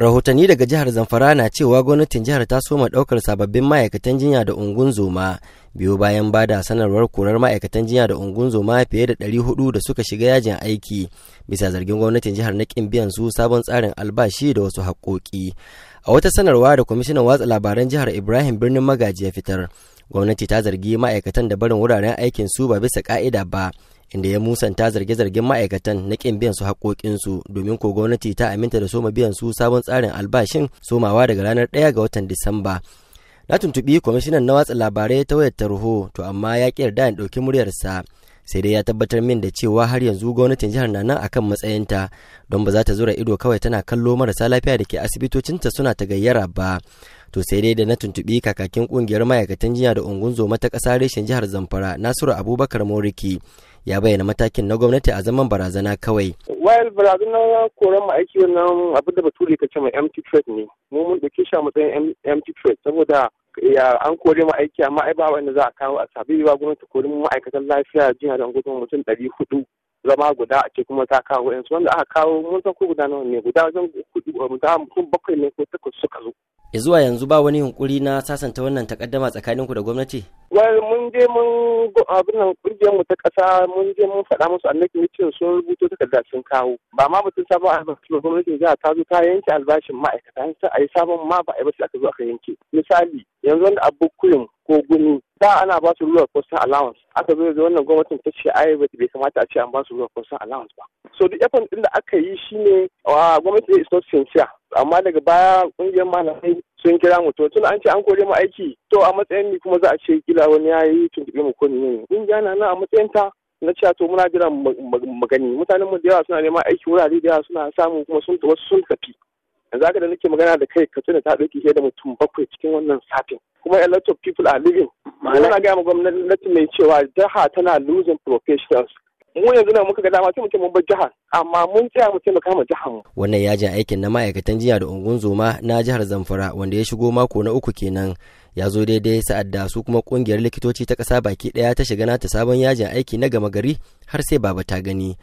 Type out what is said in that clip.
rahotanni daga jihar zamfara na cewa gwamnatin jihar ta soma ɗaukar sababbin ma'aikatan jinya da ungun zoma biyu bayan ba da sanarwar korar ma'aikatan jinya da ungun zoma fiye da 400 da suka shiga yajin aiki bisa zargin gwamnatin jihar na ƙin biyan su sabon tsarin albashi da wasu haƙoƙi a wata sanarwa da kwamishinan watsa labaran jihar ibrahim birnin magaji ya fitar gwamnati ta zargi ma'aikatan da barin wuraren aikin su ba bisa ka'ida ba inda ya musanta zarge-zargen ma'aikatan na ƙin biyan su haƙoƙinsu domin ko gwamnati ta aminta da soma biyan su sabon tsarin albashin somawa daga ranar 1 ga watan Disamba. Na tuntuɓi kwamishinan na watsa labarai ta wayar tarho to amma ya ƙi yarda in ɗauki muryarsa. sai dai ya tabbatar min da cewa har yanzu gwamnatin jihar na nan akan matsayinta don ba za ta zura ido kawai tana kallo marasa lafiya da ke asibitocinta suna ta gayyara ba to sai dai da na tuntuɓi kakakin ƙungiyar ma'aikatan jinya da ungunzo mata ƙasa reshen jihar zamfara nasiru abubakar moriki ya bayyana matakin na gwamnati a zaman barazana kawai. Wayar barazana koran mu aiki wannan abin da bature ka ce mai empty threat ne. Mu mun dauke shi a matsayin empty threat saboda ya an kore mu aiki amma ai ba wanda za a kawo a sabi ba gwamnati kore mu ma'aikatan lafiya jiya da gudun mutum ɗari hudu zama guda a ce kuma ta kawo yansu wanda aka kawo mun san ko guda nawa ne guda wajen kudu mutum bakwai ne ko takwas suka zo. zuwa yanzu ba wani yunkuri na sasanta wannan takaddama tsakanin ku da gwamnati well mun je mun abin nan kungiyar ta kasa mun je mun faɗa musu annabi mutum sun rubuto takarda sun kawo ba ma mutum sabon albashin gwamnatin jiha ta zo ta yanke albashin ma'aikata sai a yi sabon ma ba a yi ba aka zo aka yanke misali yanzu wanda abu kuyin ko gumi da ana ba su ruwa cost allowance aka zo da wannan gwamnatin ta ce ai bai kamata a ce an ba su ruwa cost allowance ba so duk effort din da aka yi ne shine gwamnati is not sincere amma daga baya kungiyar malamai sun kira mu to tun an ce an kore mu aiki to a matsayin ni kuma za a ce kila wani ya yi tuntuɓe mu ko ne kungiya na nan a matsayin ta na cewa to muna jiran magani mutanen mu da yawa suna neman aiki wurare da yawa suna samu kuma sun wasu sun tafi yanzu haka da nake magana da kai ka tuna ta ɗauki da mutum bakwai cikin wannan satin kuma a lot of people are living muna gaya ma gwamnati mai cewa jiha tana losing professionals mu yanzu na muka ga dama sai mutum mun bar jihar amma mun tsaya mu taimaka ma jihar mu wannan yajin aikin na ma'aikatan jinya da ungun zoma na jihar Zamfara wanda ya shigo mako na uku kenan ya zo daidai sa'ad da su kuma kungiyar likitoci ta ƙasa baki ɗaya ta shiga nata sabon yajin aiki na gama gari har sai baba ta gani